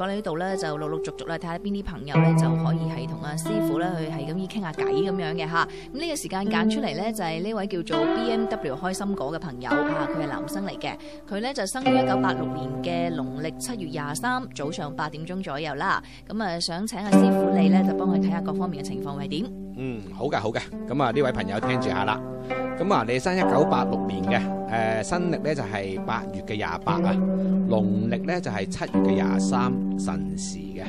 我哋呢度咧就陸陸續續咧睇下邊啲朋友咧就可以係同阿師傅咧去係咁樣傾下偈咁樣嘅吓，咁、啊、呢個時間揀出嚟咧就係、是、呢位叫做 BMW 開心果嘅朋友吓，佢、啊、係男生嚟嘅，佢咧就生於一九八六年嘅農曆七月廿三早上八點鐘左右啦，咁啊，啊想請阿師傅你咧就幫佢睇下各方面嘅情況係點。嗯，好嘅，好嘅，咁啊呢位朋友聽住下啦，咁、嗯、啊你生一九八六年嘅，誒、呃，新曆咧就係、是、八月嘅廿八啊，農曆咧就係、是、七月嘅廿三，辰時嘅，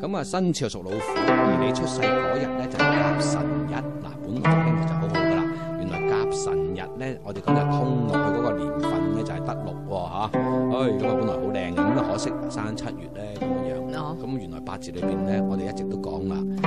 咁啊生肖屬老虎，而你出世嗰日咧就是、甲辰日，嗱本來呢就好好噶啦，原來甲辰日咧，我哋講就通落去嗰個年份咧就係得六喎吓，唉、哎，咁啊本來好靚嘅，咁啊可惜生七月咧咁樣，咁原來八字裏邊咧我哋一直都講啦。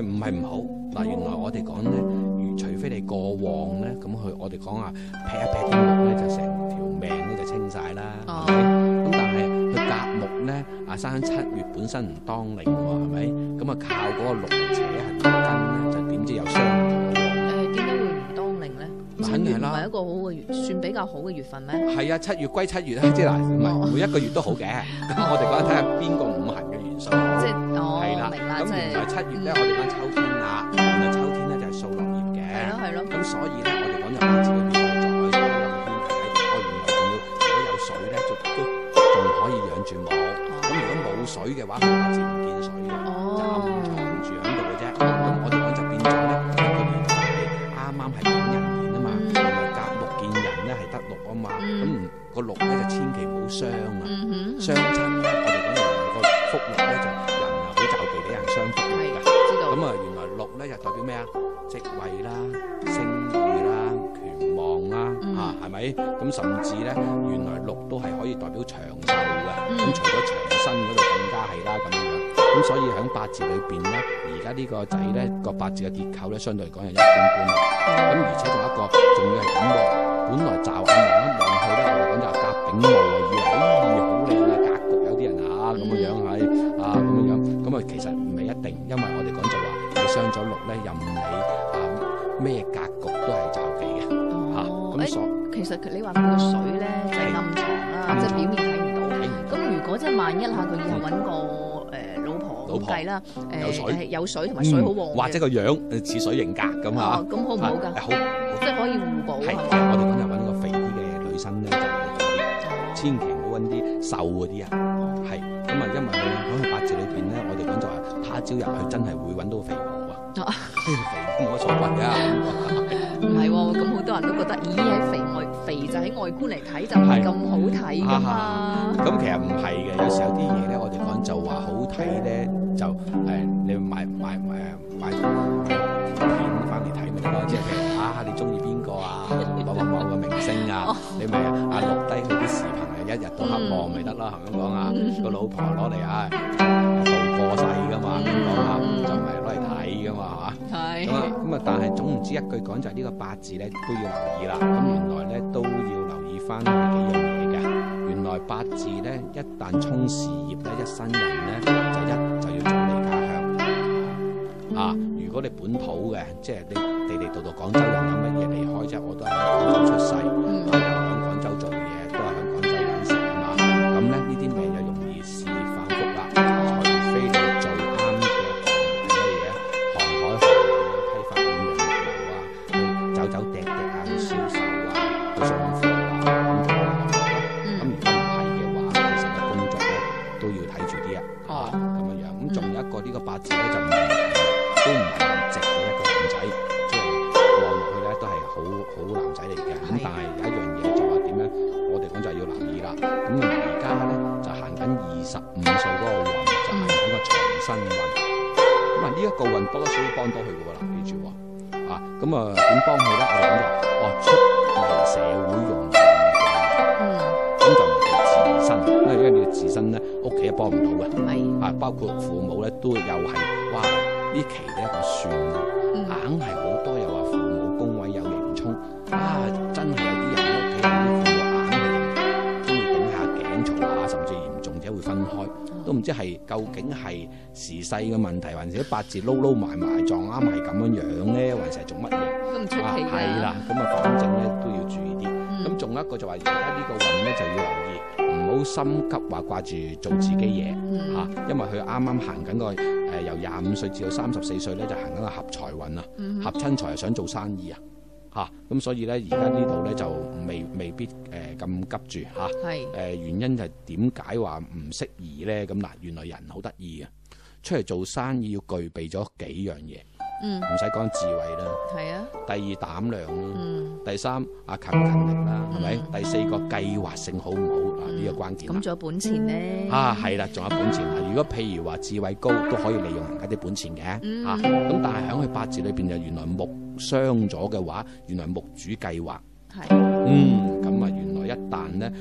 唔係唔好嗱，原來我哋講咧，除非你過旺咧，咁佢我哋講啊，劈一劈啲木咧，就成條命咧就清晒啦，係咪？咁但係佢甲木咧，啊生喺七月本身唔當令喎，係咪？咁啊靠嗰個龍蛇行根咧，就點知又傷唔到？誒，點解會唔當令咧？七月啦，唔係一個好嘅月，算比較好嘅月份咩？係啊，七月歸七月啊，即係嗱，唔係每一個月都好嘅。咁我哋講睇下邊個五行嘅元素。喔、明啦，咁原來七月咧，我哋講秋天啦。原來秋天咧，就係掃落葉嘅。咁所以咧，我哋講就八字嘅妙在秋天嚟睇，開完後仲要如果有水咧，就都仲可以養住我。咁、嗯嗯、如果冇水嘅話，八字唔見水嘅，就啱啱藏住喺度嘅啫。咁、嗯嗯、我哋講就變咗咧，佢年份係啱啱係見人年啊嘛。甲木見人咧係得祿啊嘛。咁唔、嗯、個祿咧就千祈唔好傷啊，傷、嗯嗯職位啦、聲譽啦、權望啦，吓、mm，係、hmm. 咪、啊？咁甚至咧，原來六都係可以代表長壽嘅。咁、mm hmm. 除咗長身嗰度更加係啦，咁樣樣，咁所以響八字裏邊咧，而家呢個仔咧個八字嘅結構咧，相對嚟講係一般般啦。咁而且仲有一個仲要係咁喎，本來就。其實你話佢個水咧就暗藏啦，即係表面睇唔到。咁如果即係萬一下佢以後揾個婆，老婆，係啦，誒係有水同埋水好旺，或者個樣似水型格咁嚇，咁好唔好噶？好，即係可以互補。我哋講就揾個肥啲嘅女生咧，就啲，千祈唔好揾啲瘦嗰啲人。係，咁啊，因為你喺佢八字裏邊咧，我哋講就話他朝入去，真係會揾到肥 肥，我坐暈架，唔係喎，咁好多人都覺得，咦，喺肥外肥就喺外觀嚟，睇就唔係咁好睇噶嘛。咁其實唔係嘅，有時有啲嘢咧，我哋講就話好睇咧，就誒，你買買誒買啲片翻嚟睇咪得咯，即係譬如啊，你中意邊個啊，某某某個明星啊，你咪啊錄低佢啲視頻啊，一日到黑播咪得啦，咁講啊，個老婆攞嚟啊。 過世噶嘛，咁講啦，嗯、就唔係攞嚟睇噶嘛，嚇是。係。咁啊，咁啊，但係總唔知一句講就係、是、呢個八字咧都要留意啦。咁原來咧都要留意翻幾樣嘢嘅。原來八字咧一旦衝事業咧，一生人咧就一就要走離家鄉。嗯、啊，如果你本土嘅，即係你地地道道廣州人，有乜嘢離開？就我都係喺廣州出世，喺、嗯啊、廣州做。八字咧就命都唔係咁直嘅一個男仔，即係望落去咧都係好好男仔嚟嘅。咁的但係有一樣嘢就話點咧？我哋講就係要留意啦。咁而家咧就行緊二十五數嗰個運，就行緊個財身運。咁啊，呢一個運多多少少幫到佢喎啦，記住喎。啊，咁啊點幫佢咧？我哋講就話，哦出嚟社會用財。嗯。咁、嗯、就唔係自身，因為因為你自身咧，屋企係幫唔到嘅。的嗯、啊，包括父母咧都又係哇！期呢期嘅一個算，啊嗯、硬係好多又話父母工位有刑衝啊，真係有啲人屋企有啲父母硬嘅人，中意頂下頸嘈下，甚至嚴重者會分開都唔知係究竟係時勢嘅問題還是啲八字撈撈埋埋撞啱係咁樣樣咧，還是係做乜嘢都唔出奇嘅。係啦，咁啊，講真咧都要注意啲。咁仲一個就話，而家呢個運咧就要留意，唔好心急話掛住做自己嘢嚇、mm hmm. 啊，因為佢啱啱行緊個誒由廿五歲至到三十四歲咧，就行緊個合財運啊，mm hmm. 合親財係想做生意啊嚇，咁、啊、所以咧而家呢度咧就未未必誒咁、呃、急住嚇，誒、啊是呃、原因就係點解話唔適宜咧？咁、啊、嗱，原來人好得意啊，出嚟做生意要具備咗幾樣嘢。嗯，唔使講智慧啦，係啊，第二膽量啦，嗯、第三啊勤勤力啦，係咪、嗯？第四個計劃性好唔好啊？呢、嗯、個關鍵。咁咗、嗯、本錢咧？啊，係啦，仲有本錢啊！如果譬如話智慧高，都可以利用人家啲本錢嘅、嗯、啊。咁但係喺佢八字裏邊就原來木傷咗嘅話，原來木主計劃。係的。嗯，咁啊，原來一旦咧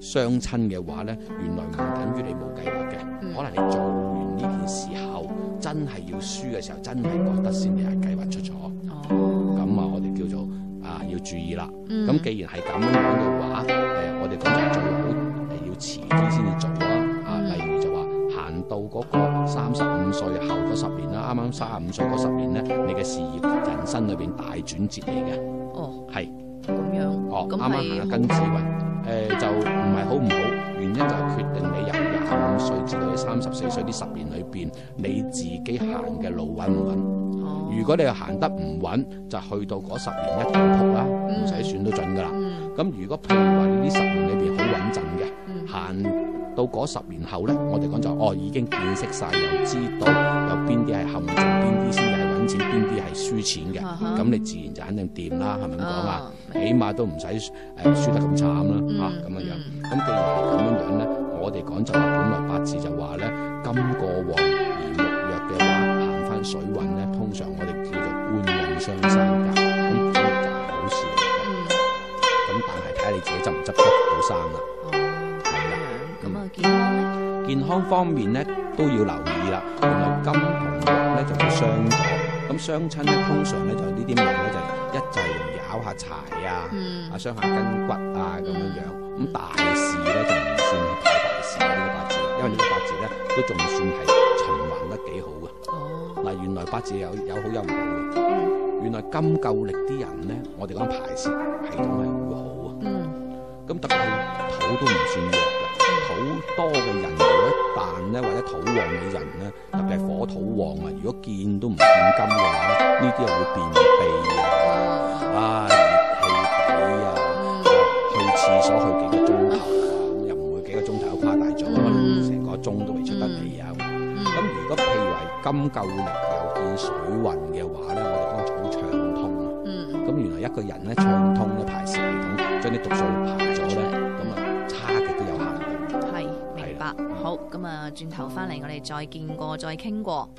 傷親嘅話咧，原來唔等於你冇計劃嘅，可能你做。嗯時候真係要輸嘅時候，真係覺得先係計劃出錯哦，咁、oh. 啊，我哋叫做啊要注意啦。咁、mm. 既然係咁樣嘅話，誒、呃、我哋最好組要遲啲先至做咯、啊。啊，例如就話行到嗰個三十五歲後十年啦，啱啱三十五歲十年咧，你嘅事業人生裏邊大轉折嚟嘅。哦。係咁樣哦，啱啱啊，跟住運誒就唔係好唔好？原因就係決定你入三十五歲。三十四歲呢十年裏邊，你自己行嘅路穩唔穩？如果你又行得唔穩，就去到嗰十年一斷撲啦，唔使算都準噶啦。咁如果譬如話呢十年裏邊好穩陣嘅，行到嗰十年後咧，我哋講就哦已經見識晒，又知道有邊啲係陷阱，邊啲先至係揾錢，邊啲係輸錢嘅。咁、uh huh. 你自然就肯定掂啦，係咪咁講啊？Uh huh. 起碼都唔使誒輸得咁慘啦，吓咁樣樣。咁既然係咁樣樣咧。我哋講就話本來八字就話咧，金過旺而木弱嘅話行翻水運咧，通常我哋叫做官印相生嘅，咁呢就好事嚟嘅。咁、嗯、但係睇下你自己執唔執好生啦。啊，健康咧？嗯、健康方面咧都要留意啦。原來金同木咧就會傷咗，咁傷親咧通常咧就呢啲病咧就一就容易拗下柴啊，嗯、啊傷下筋骨啊咁樣樣。咁大事咧就唔算太大。時呢個八字，因為呢個八字咧都仲算係循環得幾好嘅。嗱，原來八字有有好有唔好嘅。原來金夠力啲人咧，我哋講排泄系統係會好啊。嗯，咁特別係土都唔算弱嘅，土多嘅人，如果但咧或者土旺嘅人咧，特別係火土旺啊，如果見都唔見金嘅話咧，呢啲又會便秘啊，啊，熱氣底啊，去廁所去幾？中都未出得嚟啊！咁、嗯嗯、如果譬如話金夠力又見水運嘅話咧，我哋講好暢通啊！咁、嗯、原來一個人咧暢通咧排泄系統，將啲毒素排咗咧，咁啊差極都有限嘅。係是的明白。好，咁啊轉頭翻嚟，我哋再見過，嗯、再傾過。